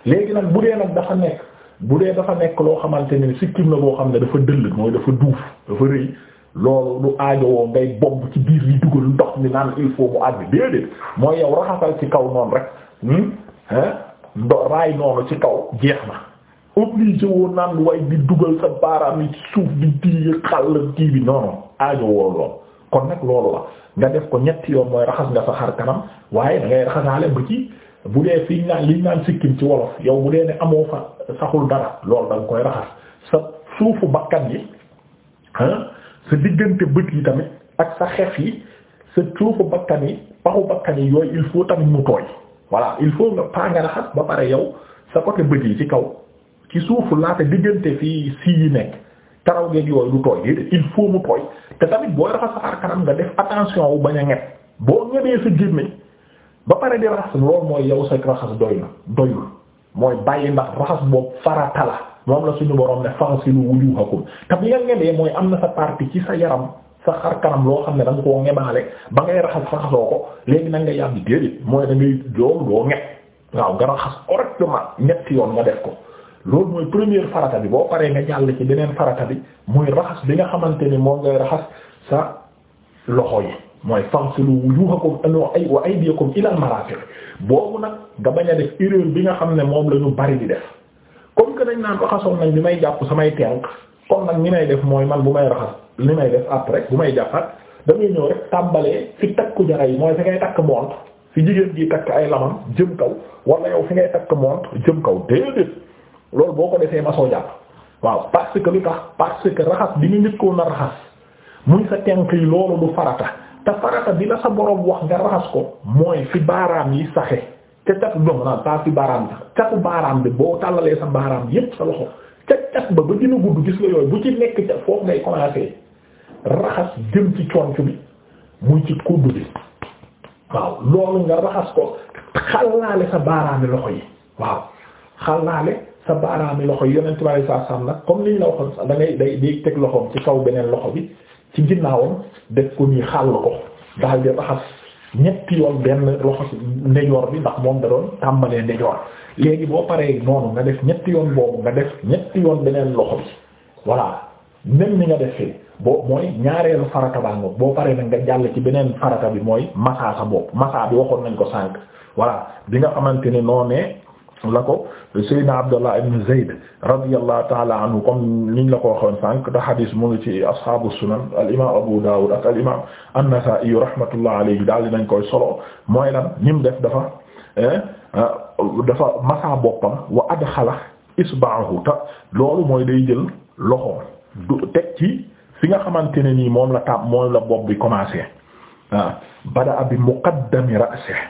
léegi nag bu dee nag dafa nekk bu dee dafa nekk loo xamante ne sikkim la boo xam ne dafa dëll mooy dafa duuf dafa rëy loolu lu aajowoo ngay bomb ci biir yi dugal ndox mi naan il faut mu àgg déedéet mooy yow raxasal ci kaw noonu rek hmm, ndo raay noonu ci kaw jeex na obligé woo naan way di dugal sa baaraam yi ci suuf di di xàll kii bi non non aajowoo kon nag loolu la nga def ko ñetti yoon mooy raxas nga sa xar kanam waaye da ngay raxasaale ba ci bu dee fii naan liñ naan sikkim ci wolof yow bu dee ne amoo fa saxul dara loolu da koy raxas sa suufu bakkan yi sa diggante bët yi tamit ak sa xef yi sa suufu bakkan yi paxu bakkan yi yooyu il faut tamit mu tooy voilà il faut nga paa nga raxas ba pare yow sa côté bët yi ci kaw ci suufu laata diggante fii sii yi nekk karaw geeg yooyu du tooy déedéet mu tooy te tamit booy raxas sa kanam nga def attention wu bañ a ñett boo ñebee sa gémmiñ ba pare di raxas loolu mooy yow sa mooy bàyyi ndax raxas boobu farata moom la suñu borom ne faghsilu wujuhakum te bu nga mooy am na sa partie ci yaram sa xar loo xam ne da nga koo ñebaale ba ngay raxas raxasoo ko léegi nag nga yàbbi déedéet mooy da ngay loolu waaw nga raxas correctement ñetti yoon nga def ko. loolu mooy première farata bi boo paree nga jàll ci beneen farata bi muy raxas bi nga xamante ni moom ngay raxas sa loxo yi mooy faghsilu wujuhakum ay wa aydiyakum ila al-marafiq boobu nag nga bañ a def erreur bi nga xam ne moom la ñu bari di def comme que dañ naan raxasoon nañ li may jàpp samay tenk kon nag ni may def mooy man bu may raxas li may def après bu may jàppaat damay ñëw rek tàmbalee fi takku jara yi mooy fi ngay takk montre fi jigéen gi takk ay lamam jëm kaw wala yow fi ngay takk montre jëm kaw déedéet loolu boo ko defee ma soo jàpp waaw parce que lu tax parce ko raxas bi nga njëkkoon a raxas muy sa tenk yi loolu du farata te farata bi la sa borom wax nga raxas ko mooy fi baaraam yi saxe ca baaraam bi baaraam bi boo tàllalee sa baaraam yépp sa loxo ca ba ba dina gudd gis la yooyu bu ci nekk ca foofu ngay commencer raxas jëm ci conc bi muy ci kudd bi waaw loolu nga raxas ko xalaale sa baaraami loxo yi waaw xalaale sa baaraami loxo yi yonent bi saa saam nag comme ni la waxoon sax da ngay day day teg loxoom ci kaw beneen loxo bi ci ginnaawam def ko nii xàll ko daal di raxas ñetti yoon benn loxo ci ndejoor bi ndax moom da doon tàmbalee ndejoor léegi boo paree noonu nga def ñetti yoon boobu nga def ñetti yoon beneen loxo bi voilà même ni nga boo mooy ñaareelu farata baa ngoog boo pare nag nga jàll ci beneen farata bi mooy masaa sa bopp masaa bi waxoon nañ ko sànq voilà bi nga xamante ne noonee la ko Seydina Abdallah ibn Zayd radiyallahu ta'ala anhu comme niñ la ko waxoon sànq te hadis mu ngi ci ashaabu sunan al imaam Abu Dawud ak al imaam an-Nasaa'i rahmatullah alayhi daal dinañ koy solo mooy lan ñim def dafa eh, ah, dafa masaa boppam wa adxala isba'ahu ta loolu mooy day jël loxo du teg ci fi nga xamante ne nii moom la taab la bopp bi commencé waaw ah,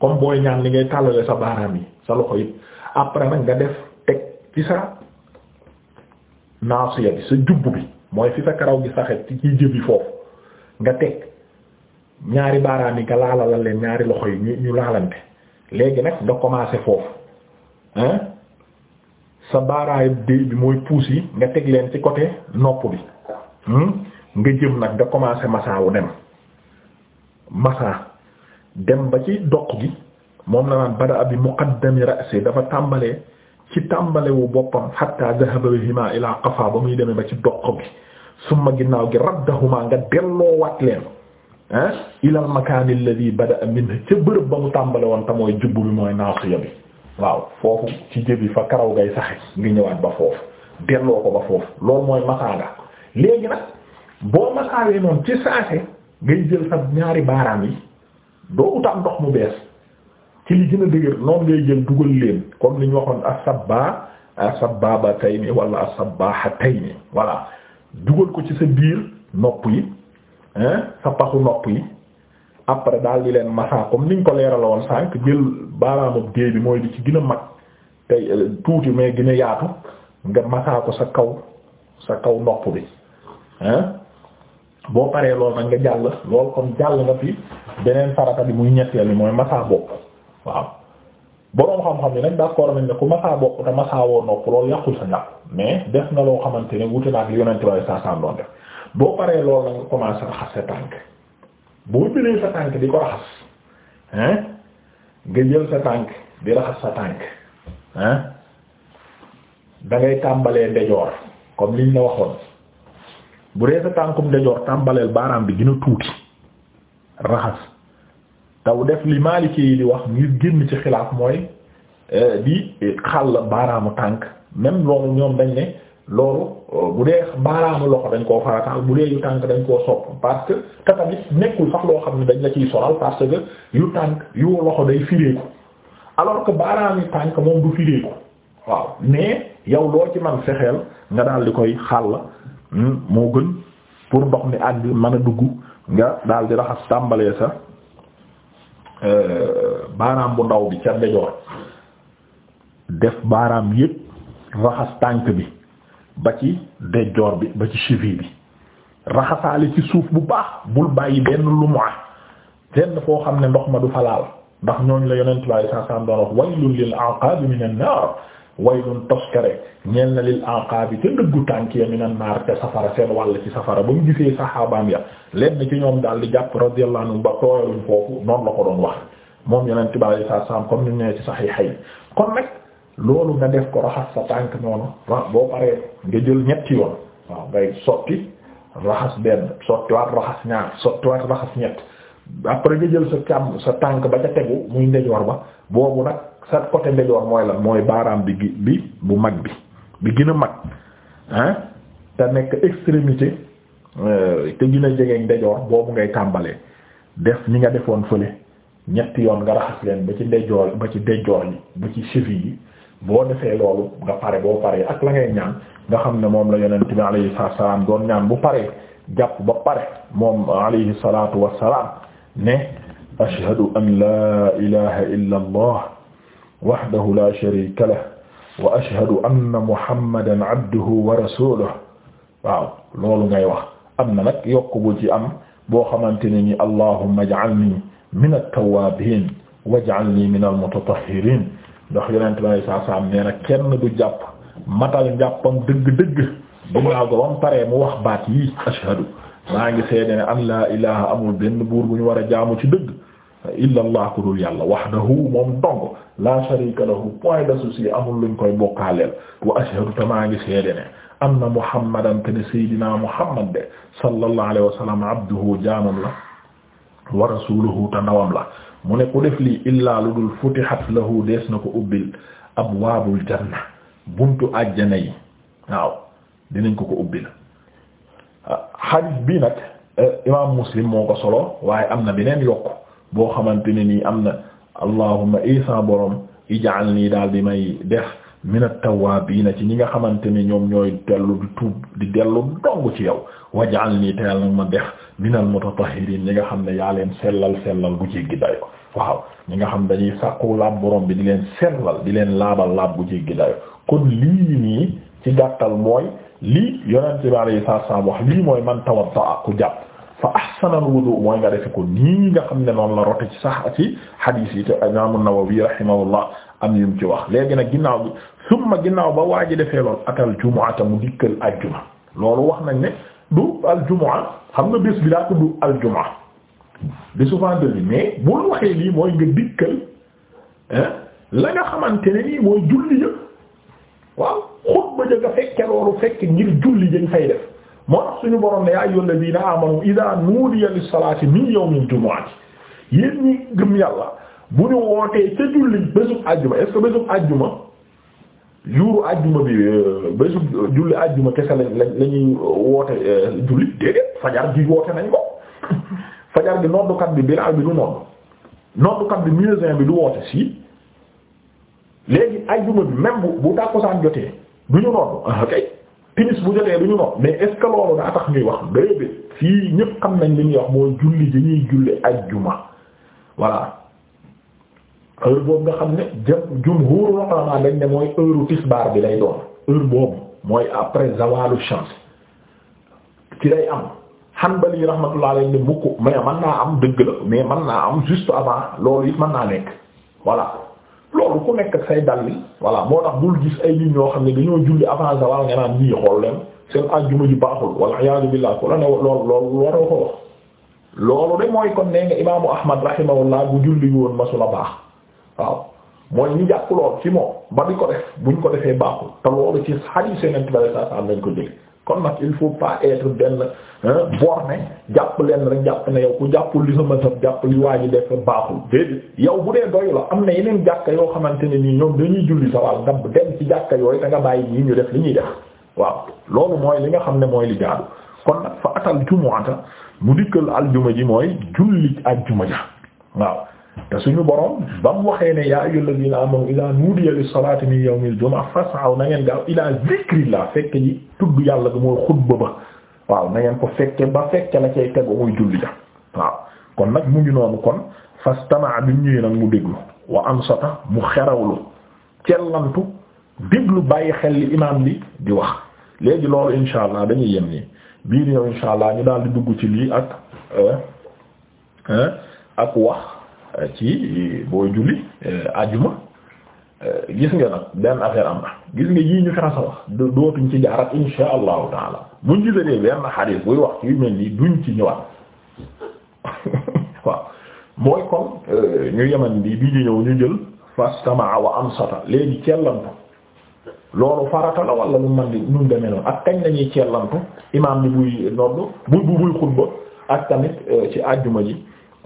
comme booy ñaan li ngay tàllale sa baaraam yi sa loxo yi après nag nga def teg ci sa naasiya bi sa jubb bi mooy fi sa karaw gi sax ci ciy jëbi foofu nga teg ñaari baaraam yi nga laalala leen ñaari loxo yi ñu ñu laalante léegi nag nga commencé foofu hein sa baaraayu déy bi mooy puus yi nga teg leen ci côté nopp bi hmm? nga jëm nag nga commencé masaawu dem masaa dem ba ci doq gi moom na naan bada bi muqaddami ra'si dafa tàmbalee ci tàmbalewu boppam hatta dhahaba bihima ila ba muy demee ba ci doq gi summa ginnaaw gi raddahuma nga delloo wat leen ah ila al makan alladhi bada minhu ca bërëb ba mu tàmbale woon te mooy bi mooy naaqiya bi waaw foofu ci jëbi fa karaw ngay saxe ngi ñëwaat ba foofu delloo ko ba foofu loolu mooy masaanga léegi nag boo masaawee noonu ci saase ngay jël sa ñaari baaraam yi doo utaam ndox mu bees ci li gën a dëgër noonu ngay jël dugal leen comme li ñu waxoon asabba asababatayni wala asabahatayni voilà dugal ko ci sa biir nopp yi sa paxu nopp yi après daal di leen masaa comme niñ ko leeraloon sànk jël baaraamub géey bi mooy di ci gën a mag tey euh, tuuti mais gën a yaatu nga masaa ko sa kaw sa kaw nopp bi ah boo paree loolu nag nga jàll lool kon jàll nga fi beneen farata bi muy ñetteel bi mooy masaa bopp waaw boroom xam-xam ni nag d'accord nañ ne ku masaa bopp te masaa woo nopp loolu yàqul sa njàpp mais def nga loo xamante ne wuute na ak li yonent waaye saa saa doon def boo paree loolu nag nga commencé raxas sa tànk boo jëlee sa tànk di ko raxas hein nga jël sa tànk di raxas sa tànk hein da ngay tàmbalee ndejoor comme liñ la waxoon. bu dee sa tànkum ndejoor tàmbaleel baaraam bi gën a tuuti raxas taw def li Maliki yi di wax ngir génn ci xilaaf mooy eh, di xàll baaraamu tànk même loolu ñoom dañ ne loolu eh, bu dee baaraamu loxo dañ koo farataal bu dee yu tànk dañ koo sopp parce que te nekkul sax loo xam ne dañ la ciy solal parce que yu tànk yu loxo day fireeku alors que baaraam tànk moom du fireeku waaw mais yow loo ci man fexeel nga daal di koy xàll Hmm? moo gën pour ndox mi àgg man a dugg nga daal di raxas tàmbalee sa euh, baaraam bu ndaw bi ca ndejoor def baaraam yépp raxas tànk bi ba ci ndejoor bi ba ci cheville bi raxasaale ci suuf bu baax bul bàyyi benn lumoa benn foo xam ne ndox ma du falaal ndax ñooñ la yonent bi sallallahu alayhi wasallam doon wax waylun lil aqabi minan nar way waylun toskere ñeel na lil aqaabi te ndëggu tànk ya minan naar te safara seen wàll ci safara ba mu gisee saxaabaam ya leen ci ñoom daal di jàpp radiyallahu anhu ba tooyaluñ foofu noonu la ko doon wax moom yeneen tubaab yi saa saam comme ni ñu nee ci saxiixay kon nag loolu nga def ko raxas sa tànk noonu boo paree nga jël ñetti yoon waaw ngay sotti raxas benn sottiwaat raxas ñaar sottiwaat raxas ñett après nga jël sa càmm sa tànk ba ca tegu muy boobu nag. sa côté ndeyjoor mooy lan mooy baaraam bi bi bu mag bi bi gën a mag ah te nekk extrémité euh, te gën a jege ndeyjoor boobu ngay tàmbalee def ni nga defoon fële ñetti yoon nga raxas leen ba ci ndeyjoor ba ci ndeyjoor yi ba ci cheville yi boo defee loolu nga pare boo paree ak la ngay ñaan nga xam ne moom la yonent bi alayhi salaam doon ñaan bu paree jàpp ba pare moom alayhi salaatu wassalaam ne ashhadu an laa ilaha illa wahdahu la sharika lah wa ashhadu anna muhammadan abduhu wa rasuluhu waaw loolu ngay wax am na nag yokk bu ci am boo xamante ne ni allahumma ij'alni min at-tawwabin waj'alni min al-mutatahhirin ndax yonent bi saa saa am nee na kenn du jàpp matal njàppam dëgg-dëgg dinaa ko bam paree mu wax baat yi ashhadu maa ngi seede ne an laa ilaha amul benn buur bu ñu war a jaamu ci dëgg illa allah ku dul yàlla wahdahu moom dong la sharika lahu point d'associé amul luñ koy bokkaaleel wa ashhadu tamaa ngi seede ne anna muhammadan te ne saydina muhammad de sallallahu alayhi wa sallam abduhu jaamam la wa rasuluhu te ndawam la mu ne ku def lii illaa lu dul futihat lahu dees na ko ubbil abwaabul janna buntu àjjana yi waaw dinañ ko ko ubbil hadith bi nag eh, imaam muslim moo ko solo waaye am na beneen yokk boo xamante ne nii am na allahumma isa eh borom ij'alni daal di may def min at-tawwaabiina ci ñi nga xamante ni ñoom ñooy dellu di tuub di dellu dong ci yow waj'alni teel nag ma def min al-mutatahhiriin ñi nga xam ne yaa leen sellal sellal bu jéggi dayo waaw ñi nga xam dañuy sàkku laab borom bi di leen sellal di leen laabal laab bu jéggi dayo kon lii nii ci gàttal mooy lii yonent bi alayhi salaam wax lii mooy man tawadda ku jàpp fa ahsanal wudu mooy nga defe ko nii nga xam ne noonu la rote ci sax ci hadith yi te imam an-Nawawi rahimahullah am yum ci wax léegi nag ginnaaw bi summa ginnaaw ba waa ji defee lool atal jumu'ata mu dikkal aljuma loolu wax nañ ne du aljuma xam nga bés bi daa tudd aljuma bésu vendredi mais bul waxee lii mooy nga dikkal la nga xamante nii mooy julli yëpp waaw xutba ja nga fekke loolu fekk ngir julli dañ fay def moo tax suñu borom ne yaa ayyuhal ladina amanu idha nudiya lis salati min yawmil jumu'ati yéen ñi gëm yàlla bu ñu wootee ca julli bésub àjjuma est-ce que bésub àjjuma bi euh, bésub julli àjjuma kese lañ ñuy woote euh, julli déedéet fajar ji woote nañ ko fajar gi noddukat bi bilaal bi du nodd noddukat bi muezzin bi du woote si léegi àjjuma bi même bu bu tàkkusaan jotee du ñu nodd ah, kay timis bu jotee du ñu nopp mais est loolu daa tax ñuy wax déedéet fii ñëpp xam nañ li ñuy wax mooy julli dañuy julli juma voilà heure boobu nga xam ne jëm jumhuur ulama dañ ne mooy heure tisbaar bi lay doon heure boobu mooy après zawalu shams ci lay am Hanbali rahmatullah alayhi ne mukk mais man naa am dëgg la mais mën naa am juste avant loolu it mën naa nekk voilà loolu ku nekk ak say dal li moo tax bul gis ay nit ñoo xam ne dañoo julli avant zawal nga naan ñii xool leen seen àjjuma ji baaxul wala iyaazu billaah ku la ne loolu loolu waroo ko wax loolu de mooy kon nee nga imaamu ahmad rahimahullah bu julli woon masula baax waaw mooy ñi jàpp lool ci moom ba di ko def buñ ko defee baaxul te loolu ci xadiis Yonent bi sallallahu alayhi wa ko jëlee kon nag il faut pas être benn borné jàpp leen rek jàpp ne yow ku jàppul li sa masab jàpp li waa ji def baaxul déedéet yow bu dee doyu la am na yeneen jàkka yoo xamante ne nii ñoom dañuy julli sa wàll ndab dem ci jàkka yooy da nga bàyyi yi ñu def li ñuy def waaw loolu mooy li nga xam ne mooy li jaadu kon nag fa atal jumu'ata mu dikkal aljuma ji mooy julli aljuma ja waaw te suñu borom ba mu waxee ne yaa ayyuhal ladina amanu ila nudiya lis salati min yawmil jumu'ah aw na ngeen gaaw ila laa fekk ji tudd yàlla bi mooy xutba ba waaw na ngeen ko fekke ba fekke la cay tegu muy julli ja waaw kon nag mu ngi noonu kon fastama bi ñëwee nag mu déglu wa ansata mu xerawlu cellantu déglu bàyyi xel li imaam bi di wax léegi loolu insha allah dañuy yem nii bii di ñëw insha allah ñu daal di dugg ci lii ak euh, euh, ak wax. ci booy julli ajjuma euh, euh, gis nga nag benn affaire am na gis nga yii ñu xerasa wax dootuñ ci jaarat insha allahu taala buñ gisatee benn xadiis buy wax ci yu mel nii duñ ci ñëwaat waaw mooy kon euh, ñu yeman bi bii di ñëw ñu jël fastamaa wa ansata léegi cellantu loolu farata la wala lu man nun demee noonu ak kañ lañuy cellantu imaam bi buy nodd buy buy xutba ak tamit ci àjjuma ji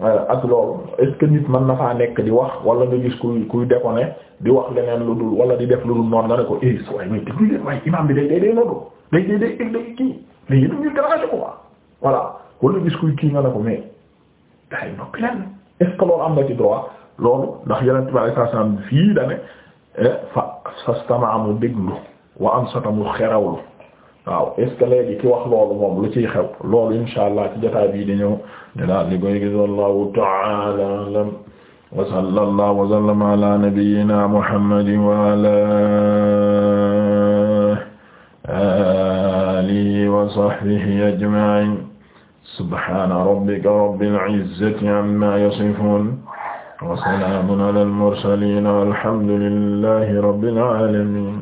Euh, ak loolu est nit mën na faa nekk di wax wala lu gis kuy kuy déconné di wax leneen lu dul wala di def lu dul noonu nga ne ko eh su waay te ñu bi day day day kii léegi dañuy déranger ko quoi voilà wala gis kuy kii nga ne ko mais day noppi leen est loolu am nga ci droit loolu ndax yeneen tubaab yi saa saa fii da ne eh, fa sastama mu déglu wa am satamu waaw est ce que léegi ki wax loolu moom lu ciy xew loolu insha allah ci jotaay bii di ñëw ñu daal li koy gis wallahu ta'ala a'lam wa sallallahu wa sallama ala nabiyyina muhammadin wa ala alihi wa sahbihi ajma'in subhana rabbika rabbil izzati amma yasifun wa salamun ala al mursalin walhamdulillahi rabbil alamin